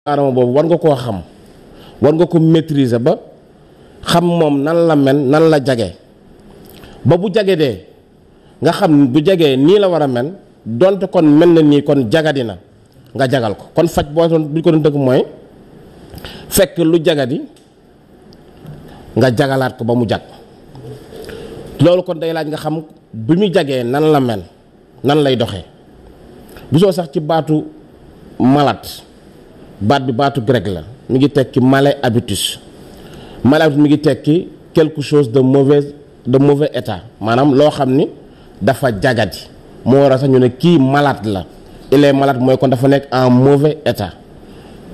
aadama boobu war nga koo xam war nga ko maîtriser ba xam moom nan la mel nan la jage ba bu jage de nga xam bu jagee nii la war a mel donte kon mel na nii kon jagadi na nga jagal ko kon faj boo doon bu mooy fekk lu jagadi nga jagalaat ko ba mu jag loolu kon dey laaj nga xam bi mu jagee nan la mel nan lay doxee bu soo sax ci baatu malaat baat bi baatu grec la mi ngi tekki abitus malhabitus malhabitus mi ngi tekki quelque chose de mauvais de mauvais état maanaam loo xam ni dafa jagadi moo war a sax ñu ne kii malaat la il est mooy kon dafa nekk en mauvais état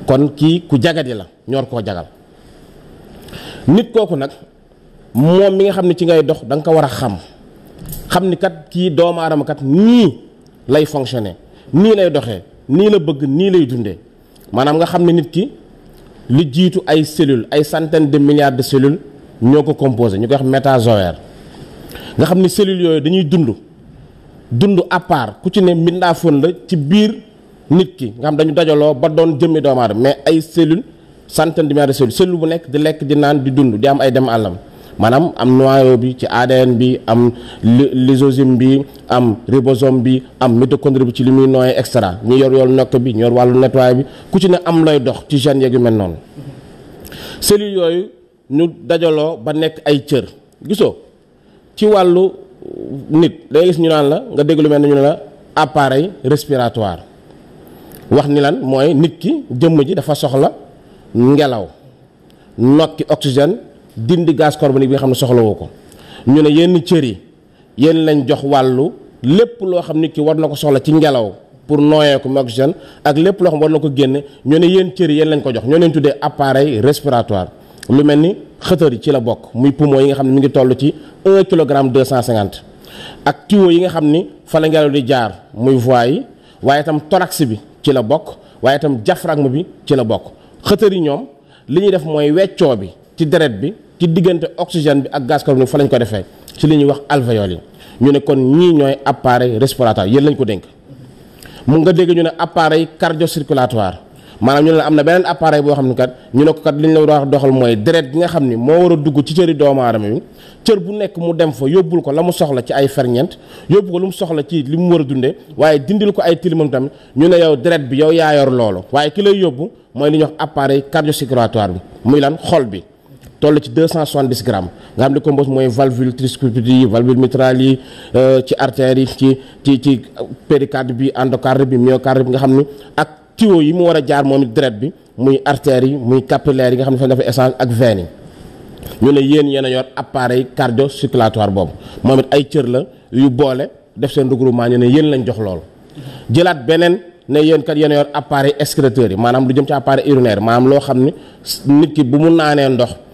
kon kii ku jagadi la ñor koo jagal nit kooku nag moom mi nga xam ne ci ngay dox danga ko war a xam xam ni kat kii doomu aadama kat nii lay fonctionner nii lay doxee nii la bëgg nii lay dundee maanaam nga xam ne nit ki li jiitu ay cellules ay centaines de milliards de cellules ñoo ko composé ñu koy wax métazoaire nga xam ne cellules yooyu dañuy dund dund à part ku ci ne mbindaafoon la ci biir nit ki nga xam dañu dajaloo ba doon jëmmi doomu mais ay cellules centaines de milliards de cellule bu nekk di lekk di naan di dund di am ay dem àllam maanaam am noyau bi ci ADN bi am lysosome bi am ribosome bi am mitochondrie bi ci li muy noyyi et cetera ñu yor yoolu nokk bi ñu yor wàllu nettoyé bi ku ci ne am lay dox ci gènes yeeg mel noonu cellules yooyu ñu dajaloo ba nekk ay cër gisoo ci wàllu nit da gis ñu naan la nga dégg lu mel ne ñu ne la appareil respiratoire wax ni lan mooy nit ki jëmm ji dafa soxla ngelaw nokki oxygène dindi gaz carbonique bi nga xam ne soxlawoo ko ñu ne yenn cër yi yéen lañ jox wàllu lépp loo xam nit ki war na ko soxla ci ngelaw pour nooyee ko oxygène ak lépp loo xam war na ko génne ñu ne yéen cër yi yéen lañ ko jox ñoo leen tuddee appareil respiratoire lu mel ni xëtër yi ci la bokk muy poumon yi nga xam ne mu ngi toll ci 1 kilogramme 250 ak tuyau yi nga xam ni fa la ngelaw di jaar muy voie yi waaye itam thorax bi ci la bokk waaye itam diaphragme bi ci la bokk xëtër yi ñoom li ñuy def mooy weccoo bi ci deret bi ci diggante oxygène bi ak gas gaz carbonique fa lañ ko defee ci li ñuy wax alvéoles yi ñu ne kon ñii ñooy appareil respiratoire yéen lañ ko dénk mu nga dégg ñu ne appareil cardiocirculatoire maanaam ñu am na beneen appareil boo xam ne kat ñu ne ko kat li la war doxal mooy deret gi nga xam ni moo war a dugg ci doomu aadama bi cër bu nekk mu dem fa yóbbul ko la mu soxla ci ay ferñeent yóbbu ko lu mu soxla ci li mu war a dundee waaye dindil ko ay tilimam tamit ñu ne yow deret bi yow yaa yor loolu waaye ki lay yóbbu mooy li ñuy wax appareil cardiocirculatoire bi muy lan xol bi. toll ci 270 cent grammes nga am li compose mooy valvule tricuspide yi valvule mitrale euh, ci artère ci ci ci péricarde bi endocarde bi myocarde bi nga xamni ak tuyau yi mu wara jaar momit it bi muy artère yi muy capillaire yi nga xamni fa dafa essence ak veine yi ñu ne yéen yéen yor appareil cardio-circulatoire boobu moom ay cër la yu bolé def sen regroupement ñu ne yéen lañ jox lool jëlaat benen ne yeen kat yéen a yor appareil excréteur yi maanaam lu jëm ci appareil urinaire manam lo xamni nit ki bu mu naanee ndox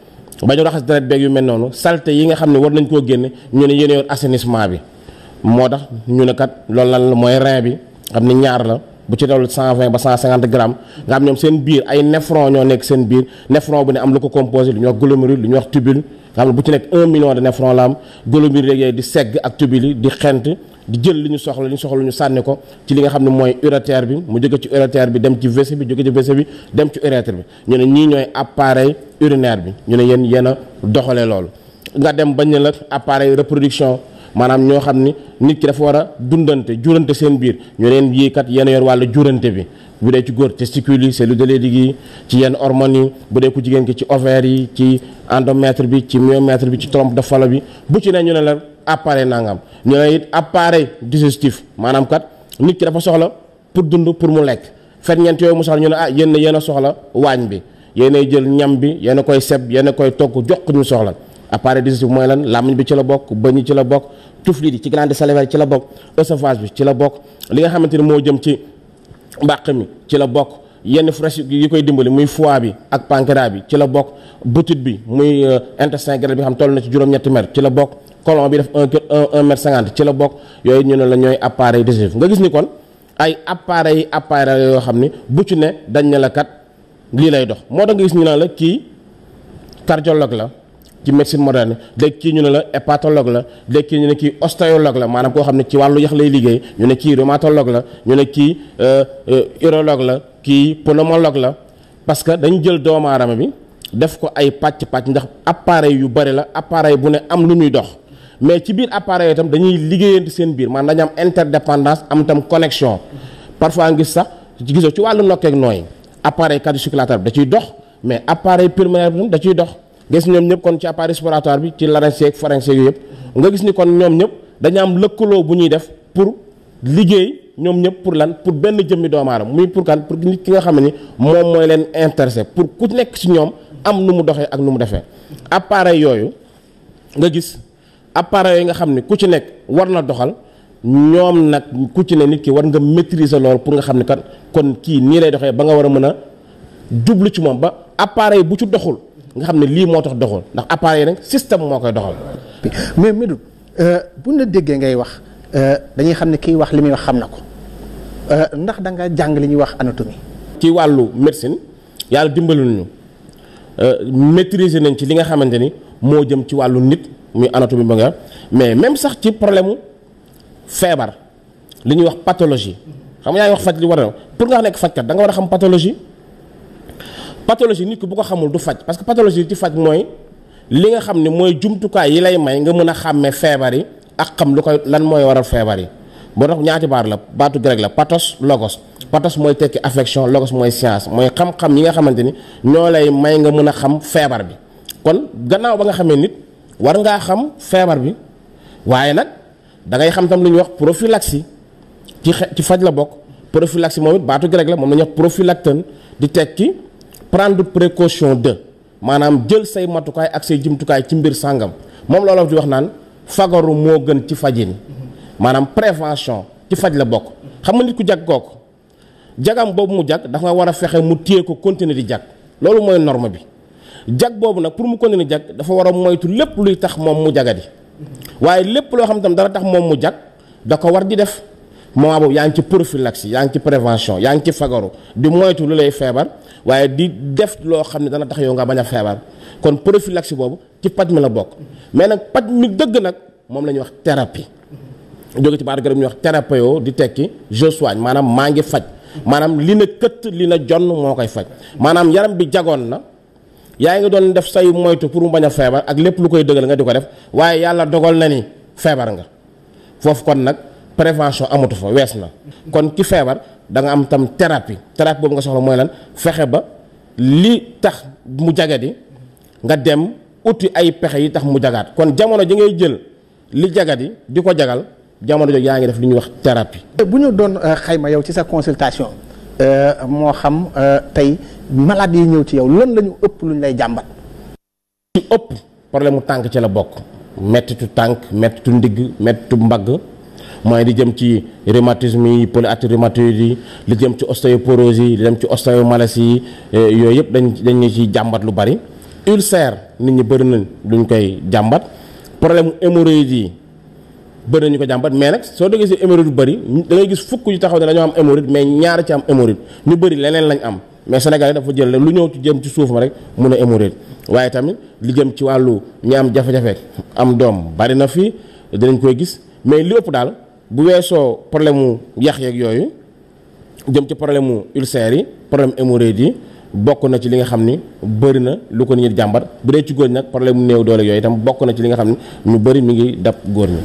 ba ñu raxas deret beeg yu mel noonu salte yi nga xam ne war nañ koo génne ñu ne yéen yoon assainissement bi moo tax ñu ne kat loolu lan la mooy rein bi xam ne ñaar la bu ci dawlu cent vingt ba cent cinquante grammes nga xam ñoom seen biir ay nephron ñoo nekk seen biir nephron bu ne am lu ko composé lu ñuy wax glomérule lu ñuy wax tubule nga xam ne bu ci nekk un million de nephron la am glomérule yooyu di segg ak tubule di xent di jël li ñu soxla li ñu soxla ñu sànni ko ci li nga xam ne mooy urétère bi mu jóge ci urétère bi dem ci vessie bi jóge ci vessie bi dem ci urètre bi ñu ne ñii ñooy appareil urinaire bi ñu ne yéen yéen a doxalee loolu nga dem bañ ne la appareil reproduction maanaam ñoo xam ni nit ki dafa war a dundante jurante seen biir ñu leen yii kat yenn yor wàllu jurante bi bu dee ci góor testicule yi cellule de Leydig yi ci yenn hormones yi bu dee ku jigéen ki ci ovaire yi ci endomètre bi ci myomètre bi ci trompe de Fallot bi appareil nangam ñoo ne it appareil digestif maanaam kat nit ki dafa soxla pour dund pour mu lekk ferñeent yooyu mu soxla ñu ne ah yéen yenn soxla waañ bi yéenay jël ñam bi yenn koy seb yenn koy togg jox ñu soxla appare digestif mooy lan làmmiñ bi ci la bokk bëñ ci la bokk tuflit yi ci glande salivaire ci la bokk œsophage bi ci la bokk li nga xamante ni moo jëm ci mbàq mi ci la bokk yenn fresh yi koy dimbali muy foie bi ak pancréas bi ci la bokk butit bi muy euh, intestin grêle bi xam toll na ci juróom-ñetti ci la bokk colon bi def un un mètre cinquante ci la bokk yooyu ñu ne la ñooy appareil digestif nga gis ni kon ay appareil appareil yoo xam ni bu ci ne dañ ne la kat lii lay dox moo tax gis ñu ne la kii cardiologue la ci médecine moderne léegi kii ñu ne la hépatologue la léegi kii ñu ne kii ostéologue la maanaam koo xam ne ci wàllu yax lay liggéey ñu ne kii rhumatologue la ñu ne kii euh, euh, urologue la kii pneumologue la parce que dañu jël doomu bi def ko ay pàcc-pàcc ndax appareil yu bari la appareil bu ne am lu muy dox mais ci biir appareil itam dañuy liggéeyante seen biir man dañu am interdépendance am tam connexion parfois ngis sax ci gisoo ci wàllu nokkeeg nooy appareil cardiocirculatoire bi da ciy dox mais appareil pulmonaire bi da ciy dox gis ñoom ñëpp kon ci appareil respiratoire bi ci larynx ak pharynx yooyu yëpp nga gis ni kon ñoom ñëpp dañu am lëkkaloo bu ñuy def pour liggéey ñoom ñëpp pour lan pour benn jëmmi doomu aadama muy pour kan pour nit ki nga xam ne moom mooy leen intéressé pour ku nekk ci ñoom am nu mu doxee ak nu mu defee appareil yooyu nga gis. appareil yi nga xam ne ku ci nekk war na doxal ñoom nag ku ci ne nit ki war nga maîtriser loolu pour nga xam ne kat kon kii nii lay doxee ba nga war a mën a jublu ci moom ba appareil bu ci doxul nga xam ne lii moo tax doxul ndax yi nag système moo koy doxal. mais Medoune euh, bu la déggee ngay wax euh, dañuy xam ne kii wax li muy wax xam na ko euh, ndax danga jàng li ñuy wax anatomie. ci wàllu médecine yàlla dimbaluñu maîtriser nañ ci li nga xamante ni moo jëm ci wàllu nit. muy anatomie manga mais même sax ci problème mu feebar li ñuy wax pathologie xam nga yaay wax faj li war pour nga nek nekk fajkat da nga war xam pathologie pathologie nit ki bu ko xamul du faj parce que pathologie ci faj moy li nga xamni moy jumtu kay yi lay may nga mëna xamé xàmmee feebar yi ak xam lu koy lan moy waral feebar yi boo tax ñaati bar la batu grec la pathos logos pathos moy tekki affection logos moy science moy xam-xam yi nga xamanteni ñolay may nga mëna xam feebar bi kon gannaaw ba nga xamé nit. war ham xam feebar bi waaye nag da ngay xam tam lu ñuy wax prophylaxie ci ci faj la bok prophylaxie moom it baatu la moom la wax di tekki prendre précaution de manam jël say mato ak say jumtukaay ci mbir timbir moom loolu di wax nan fagaru moo gën ci fajin manam prévention ci faj la bok xam nga nit ku jag kooku jagam boobu mu jak dafa nga war a fexe mu téye ko continuer di jag loolu mooy norme bi jag boobu nag pour mu continuer jag dafa war a moytu lépp luy tax moom mu jagadi waaye lépp loo xam tam dara tax moom mu jag da ko war di def moment boobu yaa ngi ci prophylaxie yaa ngi ci prévention yaa ngi ci fagaru di moytu lu lay feebar waaye di def loo xam ne dana tax yow nga bañ a feebar kon prophylaxie boobu ci paj mi la bokk mais nag paj mi dëgg nag moom la ñuy wax terapi jóge ci baatu garab ñuy wax thérapio di tekki je soigne maanaam maa ngi faj maanaam li na këtt li na jonn moo koy faj maanaam yaram bi jagoon na yaa ngi doon def say moytu pour mu baña febar ak lepp lu koy deugal nga diko def waye yalla dogal na ni febar nga fof kon nak prévention amatu fa wessna kon ki febar da nga am tam thérapie thérapie bobu nga soxla moy lan fexé ba li tax mu jagadi nga dem uti ay pexé yi tax mu jagaat kon jamono ji ngay jël li jagadi di ko jagal jamono jog yaangi def li ñu wax thérapie bu ñu doon euh, xayma yow ci sa consultation Euh, moo xam euh, tey malade yi ñëw ci yow lan la ëpp luñ lay jàmbat. ci ëpp problème mu tànk ci la bokk mettitu tànk mettitu ndigg mettitu mbagg mooy di jëm ci rhumatisme yi polyarthrite rhumatoïde yi li jëm ci ostéoporose yi li jëm ci ostéomalacie yi euh, yooyu yëpp dañ dañ ci jàmbat lu bari ulcère nit ñi bëri nañ luñ koy jàmbat problème mu bëri nañu ko jàmbat mais nag soo degee si hémorroïde bu bëri da gis fukk yu taxaw ne dañoo am hémorroïde mais ñaar ci am hémorroïde ñu bëri leneen lañ am mais Sénégal dafa jël lu ñëw ci jëm ci suufam rek mun a hémorroïde waaye tamit li jëm ci wàllu ñi am am doom bari na fi dinañ koy gis mais li daal bu weesoo problème mu yax yeeg yooyu jëm ci problème mu ulcère yi problème hémorroïde yi bokk na ci li nga xam ni bëri na lu ko nit jàmbat bu dee ci góor ñi nag mu néew doole yooyu itam bokk na ci li nga xam ni ñu bëri mu ngi dab góor ñi.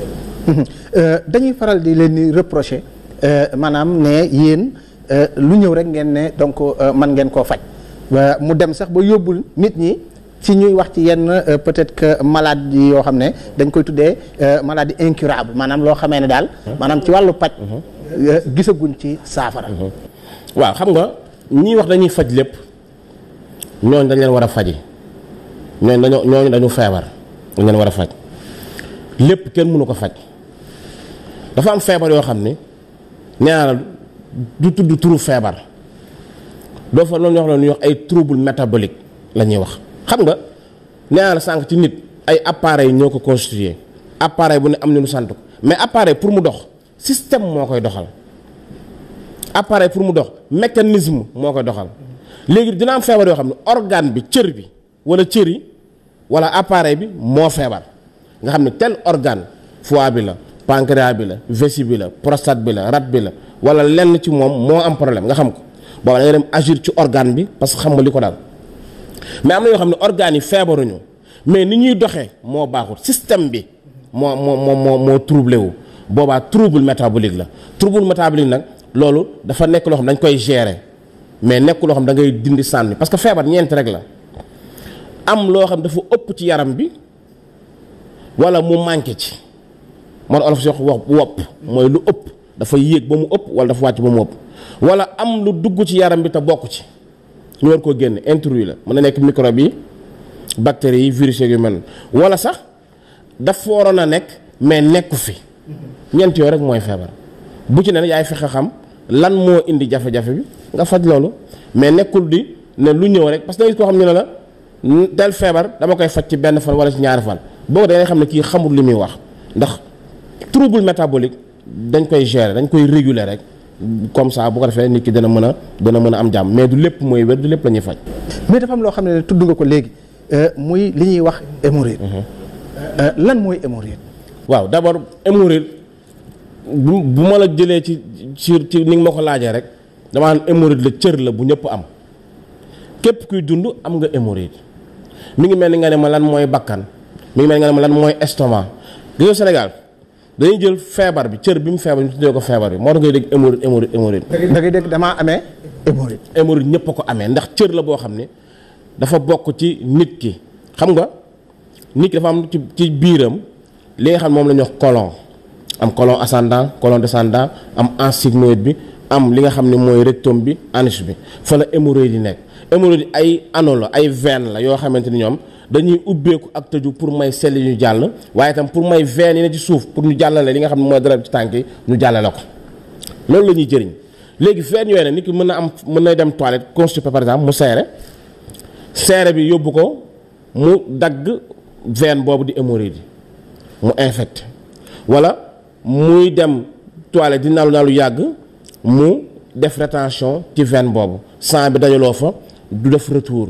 Euh, dañuy faral di leen di reprocher euh, maanaam ne yéen euh, lu ñëw rek ngeen ne donc man ngeen koo faj mu dem sax ba yóbbul nit ñi ci ñuy wax ci yenn peut-être que maladie yoo xam ne dañ koy tuddee maladie incurable maanaam loo xamee ne daal maanaam ci wàllu paj mhm. gisaguñ ci saafara mhm. waaw xam nga ñii wax dañuy faj lépp ñooñu dañ leen war a faji ñooñu dañoo ñooñu dañu feebar dañ war a faj lépp kenn mënu ko faj dafa am feebar yoo xam ne nee naa du tudd turu feebar doo fa loolu ñu wax la ñuy wax ay trouble métabolique la ñuy wax xam nga nee naa sànq ci nit ay appareils ñoo ko constitué appareil bu ne am na lu sant mais appareil pour mu dox système moo koy doxal appareil pour mu dox mécanisme moo koy doxal léegi dina am feebar yoo xam ne organe bi cër bi wala cër yi wala appareil bi moo feebar nga xam ne tel organe foie bi la pancréas bi la vessie bi la prostate bi la rat bi la wala lenn ci moom moo am problème nga xam ko booba da dem agir ci organe bi parce que xam nga li ko daal mais am na xam ne organes yi feebaruñu mais ni ñuy doxee moo baaxul système bi moo moo moo moo moo troublé wu boobaa trouble métabolique la trouble métabolique nag loolu dafa nekk loo xam koy gérer mais nekk loo xam da ngay dindi sànni parce que feebar ñeent rek la am loo xam dafa ëpp ci yaram bi wala mu manqué ci man olof si wop wop moy lu upp da fay ba bamu upp wala da wàcc ba mu ëpp wala am lu dugg ci yaram bi ta bok ci ñu war ko genn intrus la mën na nekk microbe yi bactéries yi virus yu mel wala sax da waroon a nekk mais nekku fi ñent yo rek moy febar bu ci ne yaay fexe xam lan mo indi jafe-jafe bi nga faj lolu mais nekkul di ne lu ñëw rek parce que ko nga xam ñu la tel febar dama koy faj ci ben fal wala ci ñaar fal bo da ngay xam ne kii xamul limi wax ndax trouble métabolique dañ koy gérer dañ koy réguler rek comme ça bu ko defee nit ki dana mëna dana mëna am jàmm mais du lepp moy wér du lepp lañuy fajj mais dafa am lo xamné tuddu nga ko léegi euh, muy li ñuy wax hémorroïde. Mhm. euh lan moy hémorroïde. waaw d'abord hémorroïde bu ma la jëlé ci ci ci ni nga ma ko laajee rek damaa am hémorroïde la cër la bu ñëpp am képp kuy dund am nga hémorroïde mi ngi mel ni nga ne ma lan moy bakkan mi ngi mel nga ne ma lan moy estomac réew Sénégal. dañuy jël feebar bi cër bi mu feebar ñu tuddee ko feebar bi moo tax ngay dégg hémorroïde hémorroïde hémorroïde. da ngay dégg damaa amee hémorroïde. hémorroïde ñëpp a ko amee ndax cër la boo xam ne dafa bokk ci nit ki xam nga nit ki dafa am ci ci biiram li nga xam moom la ñuy wax colon am colon ascendant colon descendant am sigmoïde bi am li nga xam ne mooy rectum bi anus bi fa la hémorroïde yi nekk hémorroïde ay anneau la ay veine la yoo xamante ni ñoom. dañuy ubbeeku ak tëju pour may sel ñu jall waye tam pour may veine ni ci souf pour ñu jallale li nga xam ne dara ci tànk ñu jàllale ko loolu lañuy ñuy jëriñ léegi veine yooyu nag nit ki am mëna dem toilette constipé par exemple mu séré séré bi yobbu ko mu dagg veine bobu di hémorroïde mu infecté wala muy dem toilette di nalu nalu yag mu def rétention ci veine bobu sang bi dajaloo fa du def retour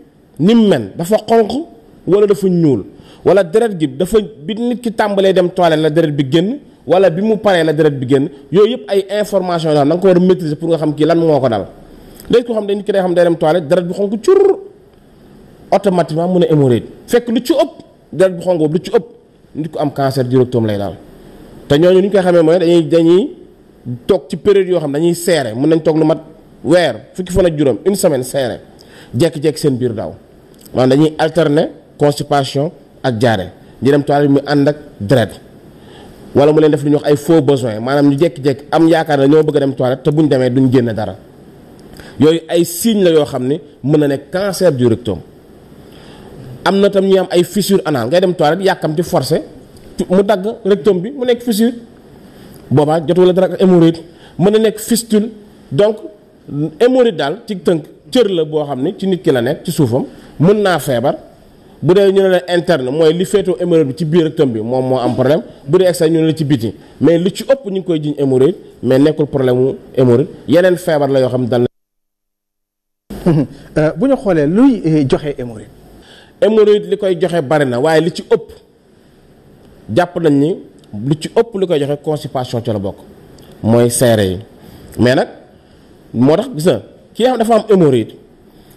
ni mu mel dafa xonq wala dafa ñuul wala deret gi dafa bi nit ki tàmbalee dem toilette la deret bi génn wala bi mu paree la deret bi génn yooyu yëpp ay information yoo xam ko war a pour nga xam kii lan moo ko dal léegi ko xam ne nit ki day xam day dem toilette deret bi xonk cur automatiquement mun a hémorroïde fekk lu ci ëpp deret bi xonk bu lu ci ëpp nit ko am cancer du rectum lay daal te ñooñu ni ñu koy xamee mooy dañuy dañuy toog ci période yoo xam dañuy seere mun nañ toog lu mat weer fukki fan juróom une semaine seere jekki seen biir daw man dañuy alterner constipation ak diarrhée ñu dem toilette mu ànd ak deret wala mu leen def lu ñuy wax ay faux besoin maanaam ñu jékki-jékki am yaakaar la ñoo bëgg dem toilette te buñ demee duñ génn dara yooyu ay signes la yoo xam ne mën na nekk cancer du rectum am na tam ñuy am ay fissure anal ngay dem toilette ci forcé mu dagg rectum bi mu nekk fissure boobaa jotu la dara ak hémorroïde mën na nekk fistule donc hémorroïde daal ci tënk cër la boo xam ne ci nit ki la nekk ci suufam mën naa feebar bu dee ñu ne la interne mooy li féetoo hémorroïde bi ci biir rectum bi moom moo am problème bu dee externe ñu ne la ci biti mais li ci ëpp ñu ngi koy jiñ hémorroïde mais nekkul problème mu hémorroïde yeneen feebar la yoo xam dal na. Euh, bu ñu xoolee luy eh, joxe hémorroïde. hémorroïde li koy joxe bari na waaye li ci ëpp jàpp nañ ni li ci ëpp li koy joxe constipation ci la bokk mooy seere yi mais nag moo tax gis na ki dafa am hémorroïde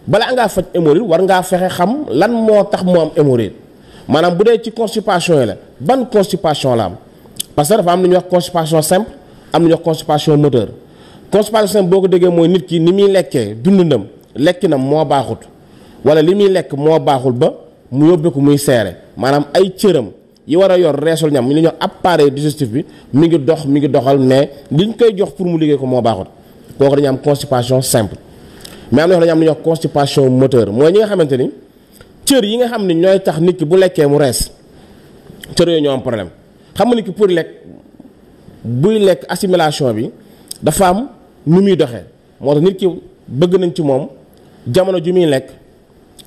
balaa ngaa faj hémorroïde war ngaa fexe xam lan moo tax mu am hémorroïde maanaam bu dee ci constipation yi la ban constipation la am parce que dafa am lu ñuy wax constipation simple am lu ñuy wax constipation moteur constipation boo ko déggee mooy nit ki ni muy lekkee dundundam dundinam na moo baaxut wala li muy lekk moo baaxul ba mu yóbbee ko muy seere maanaam ay cëram yi war a yor reesul ñam ñu la ñuy wax appareil digestif bi mi ngi dox mi ngi doxal mais liñ koy jox pour mu liggéey ko moo baaxut kooku dañu am constipation simple mais am na yoo xam ne ñu am constipation moteur mooy ñi nga xamante ni cër yi nga xam ne ñooy tax nit ki bu lekkee mu rees cër yooyu ñoo am problème xam nga nit ki pour lekk buy lekk assimilation bi dafa am nu muy doxee moo tax nit ki bëgg nañ ci moom jamono ji muy lekk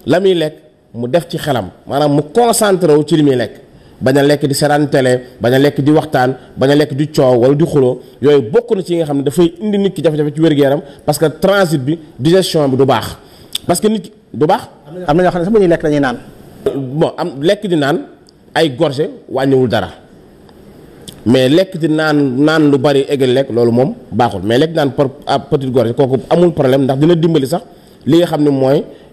la muy lekk mu def ci xelam maanaam mu concentré wu ci li muy lekk. baña lek di seraan télé baña lek di waxtan baña lek lekk di coow wala di xuloo yoy bokku na ci nga xamne da fay indi nit ki jafe-jafe ci wér-gu-yaram parce que transit bi digestion bi du bax parce que nit du bax am na ñoo xam sax bu ñuy lekk dañuy naan. bon am lekk di naan ay gorgé wañewul dara mais lek di naan naan lu bari eggal lek lolu mom baxul mais lek naan ah, petite gorgé kooku amul problème ndax dina dimbali sax li nga xamne moy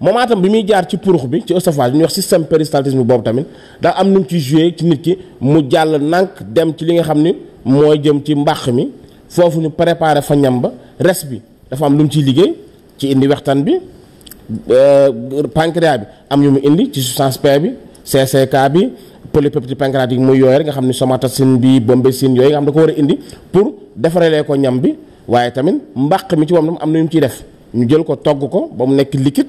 moom itam bi muy jaar ci purux bi ci oesophage bi ñuy wax système péristaltisme boobu tamit daa am nu mu ci joué ci nit ki mu jàll nànk dem ci li nga xam ni mooy jëm ci mbàq mi foofu ñu préparé fa ñam ba res bi dafa am lu mu ciy liggéey ci indi waxtaan bi euh, pancréas bi am ñu mu indi ci substance P bi CCK bi polypeptide pancréatique muy yooy rek nga xam ni somatosine bi bombésine yooyu nga xam da ko war a indi pour defarelee ko ñam bi waaye tamit mbàq mi ci moom am na ñu ciy ñu jël ko togg ko ba mu nekk liquide.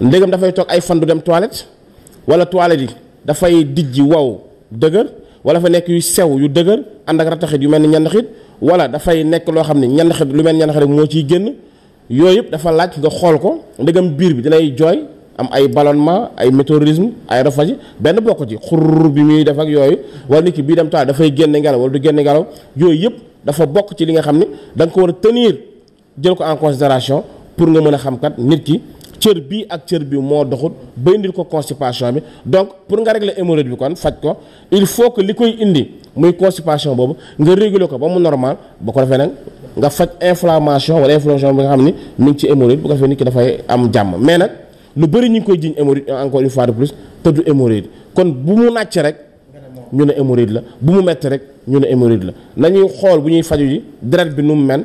ndegam dafay toog ay fan du dem toilette wala toilette yi dafay dijji wow dëgër wala fa nekk yu sew yu dëgër ànd ak rataxit yu mel ni ñandaxit wala dafay nekk loo xam ne ñandaxit lu mel ni ñandaxit moo ciy génn yooyu yëpp dafa laaj nga xool ko ndegam biir bi dinay jooy am ay ballonnement ay météorisme ay rafage benn bokk ci xurr bi muy def ak yooyu wala nit ki bii dem toilette dafay génne ngelaw wala du génne ngelaw yooyu yëpp dafa bokk ci li nga xam ne da nga ko war a tenir jël ko en pour nga mën a xam nit ki cër bi ak cër bi moo doxul ba indil ko constipation bi donc pour nga régler hémorroïde bi kon faj ko il faut que li koy indi muy constipation boobu nga régler ko ba mu normal bu ko defee nag nga faj inflammation wala inflammation bi nga xam ni mi ngi ci hémorroïde bu ko defee nit ki dafay am jàmm mais nag lu bëri ñu ngi koy jiñ hémorroïde euh, encore une fois de plus te du hémorroïde kon bu mu nàcc rek ñu ne hémorroïde la bu mu metti rek ñu ne hémorroïde la nañuy xool bu ñuy faju ji deret bi nu mu mel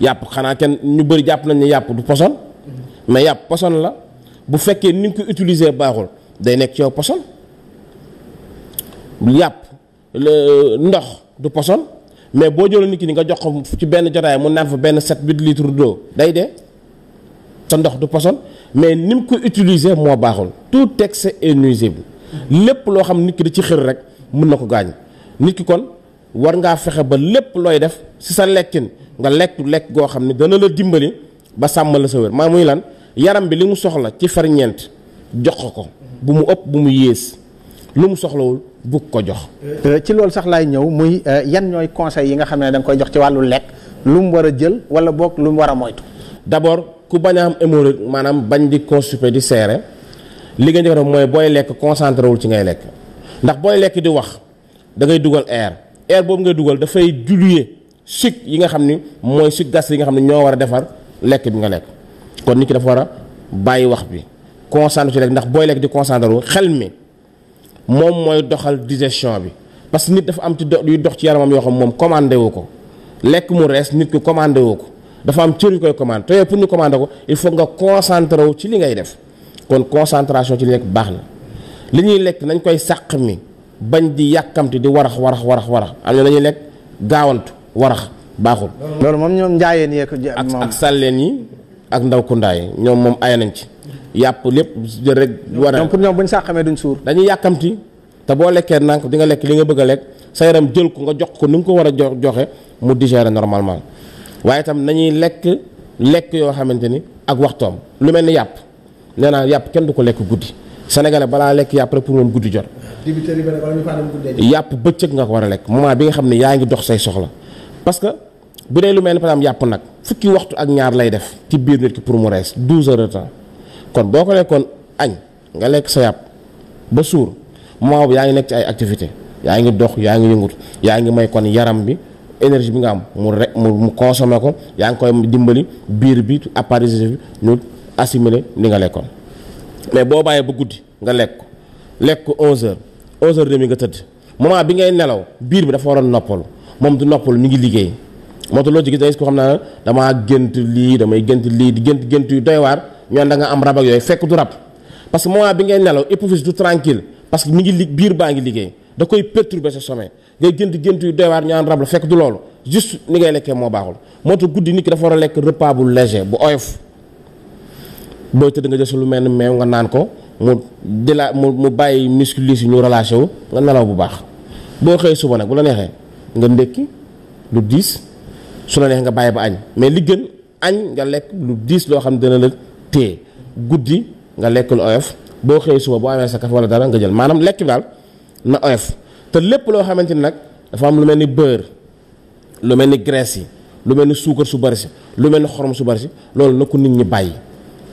yàpp xana ken ñu bari jàpp nañ ni yap du poson mais yap poson la bu fekkee ni ko utiliser baaxul day nekk ci yow yap le euh, ndox du poson mais bo jëloon nit ki nga jox ko ci ben jotaay mu nerf ben 7 8 litres d'eau day dé sa ndox du poson mais nim mu ko utiliser mo baaxul tout excès est nuisible lepp lo xam nit ki da ci xër rek mun nako gañ nit ki kon war nga fexé ba lepp loy def ci sa lekkin nga lekk lekk goo xam ne dana la dimbali ba sàmm la sa wér maa muy lan yaram bi li mu soxla ci ferñeent jox ko ko bu mu ëpp bu mu yées lu mu soxlawul bugg ko jox. Euh, ci loolu sax laay ñëw muy euh, yan ñooy conseils yi nga xam ne da nga koy jox ci wàllu lekk lu mu war a jël wala boog lu mu war a moytu. d'abord ku bañ a am maanaam bañ di constipé di seere li nga njëkk mooy booy lekk concentré wul ci ngay lekk ndax booy lekk di wax da ngay dugal air air boobu ngay dugal dafay diluer suc yi nga xam ni mooy suc gas yi nga xam ne ñoo war a defar lekk bi nga lekk kon nit ki dafa war a bàyyi wax bi concentré ci lekk ndax booy lekk di concentré wu xel mi moom mooy doxal digestion bi parce que nit dafa am ci do yu dox ci yaramam yoo xam moom commandé wu ko lekk mu rees nit ki commandé wu ko dafa am cër yu koy commandé te yooyu pour ñu commandé ko il faut nga concentré wu ci li ngay def kon concentration ci li lekk baax na li ñuy lekk nañ koy sàq mi bañ di yàkkamti di warax warax warax warax am na dañuy lekk gaawantu warax baaxul. loolu moom ñoom njaayeen yee ko ak ak sàlleen yi ak ndaw kundaay ñoom moom aya nañ ci. yàpp lépp jël rek. war a ñoom pour ñoom bu saa xamee duñ suur. dañuy yàkkamti te boo lekkee nànk di nga lekk li nga bëgg a lekk sa yaram jël ko nga jox ko ni mu ko war a joxe mu digérer normalement waaye itam nañuy lekk lekk yoo xamante ni ak waxtoom lu mel ni yàpp nee naa yàpp kenn du ko lekk guddi sénégalais balaa lekk yàpp rek pour moom guddi jot. yàpp bëccëg nga ko war a lekk moment bi nga xam ne yaa ngi dox say soxla. parce que bu dee lu mel ni par exemple yàpp nag fukki waxtu ak ñaar lay def ci biir nit ki pour mu rees 12 heures de temps kon boo ko lekkoon añ nga lekk sa yàpp ba suur moment bi yaa ngi nekk ci ay activité yaa ngi dox yaa ngi yëngut yaa ngi may kon yaram bi énergie bi nga am mu re mu consommer ko yaa ngi koy dimbali biir bi appareil digestif bi ñu assimiler li nga lekkoon mais boo bàyyee ba guddi nga lekk ko lekk ko 11 heures 11 heures nga tëdd moment bi ngay nelaw biir bi dafa waroon noppalu moom du noppul mi ngi liggéey moo tax loo ci gis day ko xam naa damaa gént lii damay gént lii di gént gént yu doy waar da nga am rab ak yooyu fekk du rab parce que moment bi ngay nelaw hypophyse du tranquille parce que mi ngi li biir baa ngi liggéey da koy perturber sa sommeil ngay gént gént yu doy waar am rab la fekk du loolu juste ni ngay lekkee moo baaxul moo tax guddi nit ki dafa war a lekk repas bu léger bu oyof booy tëdd nga jël sa lu mel ni meew nga naan ko mu mu mu bàyyi muscle yi ñu relâché wu nga nelaw bu baax boo xëyee suba nag bu la neexee. nga ndekki lu 10 su la neex nga baye ba agn mais li gën agn nga lek lu 10 lo xam dana la téye goudi nga lek lu oef bo xey suba bo amé sa kaf wala dara nga jël manam lek dal na oef te lepp lo xamanteni nak dafa am lu melni ni beurre lu melni graisse lu melni sucre su bari si lu melni xorom su bari si loolu na nit ñi baye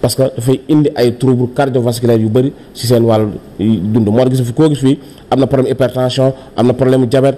parce que fay indi ay trouble cardiovasculaire yu bari ci seen wàllu dund mo gis fi ko gis fi amna problème hypertension amna problème diabète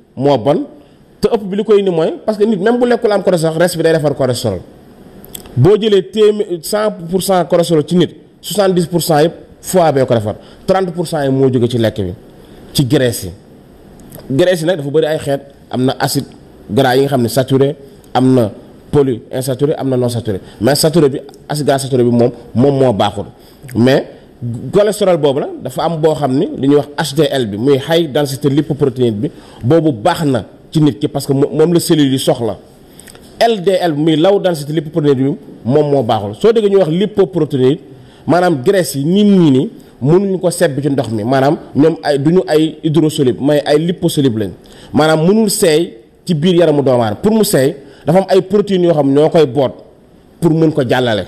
moo bon te bi li koy parce que nit même bu lekkul am cholestérol reste bi day defar 100 pour cent ci nit 70 pour cent yëpp ko defar 30 pour cent ci bi ci graisse graisse yi dafa bëri acide gras yi saturé non saturé mais saturé acide gras saturé bi moom mais. cholestérol boobu la dafa am boo xam ni li ñuy wax HDL bi muy high density lipoprotein bi boobu baax na ci nit ki parce que moom la cellules yi soxla LDL muy low density lipoprotein bi moom moo baaxul soo déggee ñuy wax lipoprotein maanaam graisse yi nit ñi ni mënuñu ko sebb ci ndox mi maanaam ñoom ay du ñu ay hydrosoluble mais ay liposoluble lañ maanaam munul seey ci biir yaramu doomaan aadama pour mu seey dafa am ay protéines yoo xam ñoo koy boot pour mun ko jàllale.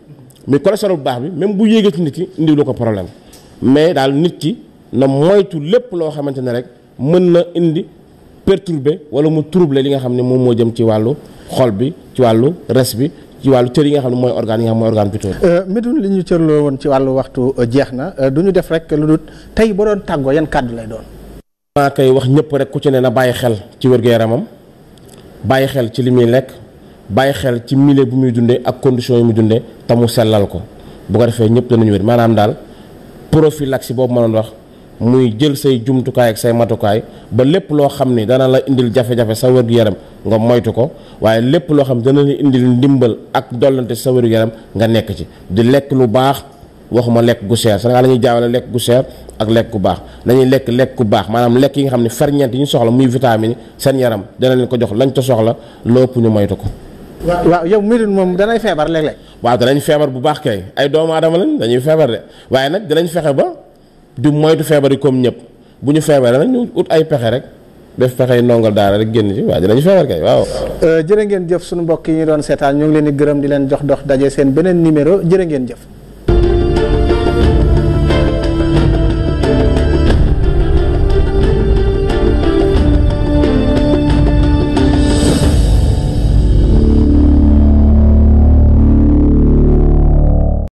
mais cholestérol bu baax bi même bu yéegee ci nit ki indiwlu ko problème mais daal nit ki na moytu lépp loo xamante ne rek mën na indi perturber wala mu troubler li nga xam ne moom moo jëm ci wàllu xol bi ci wàllu res bi ci wàllu cër yi nga xam ne mooy organe yi nga xam mooy organe vitaux euh, Medoune li ñu cërloo woon ci wàllu waxtu euh, jeex na euh, du ñu def rek lu dul tey ba doon tàggoo yan kàddu lay doon maa koy wax ñëpp rek ku ci ne na bàyyi xel ci wér-gu-yaramam bàyyi xel ci li muy lekk bàyyi xel ci milieu bu muy dundee ak condition yi muy dundee te sellal ko bu ko defee ñëpp ñu wér maanaam daal prophylaxie boobu ma doon wax muy jël say jumtukaay ak say matukaay ba lépp loo xam ni dana la indil jafe-jafe sa wér-gu-yaram nga moytu ko waaye lépp loo xam dana la indil ndimbal ak dollante sa wér-gu-yaram nga nekk ci di lekk lu baax waxuma lekk gu seer Sénégal la ñuy jaawale lekk gu seer ak lekk gu baax dañuy lekk lekk gu baax maanaam lekk yi nga xam ne ferñeent yi ñu soxla muy vitamine seen yaram dana leen ko jox lañ ca soxla lépp ñu moytu ko waaw yow mu Médine moom danay feebar léeg-léeg. waaw danañ feebar bu baax kay ay doomu aadama lañ dañuy feebar de waaye nag danañ fexe ba di moytu feebar yi comme ñëpp bu ñu feebaree nag ñu ut ay pexe rek def pexe yi ndongal daara rek génn ci waaw dinañ feebar kay waaw. Euh, jërë ngeen jëf suñu mbokk yi ñu doon seetaan ñu ngi leen di gërëm di leen jox dox daje seen beneen numéro jërë ngeen jëf.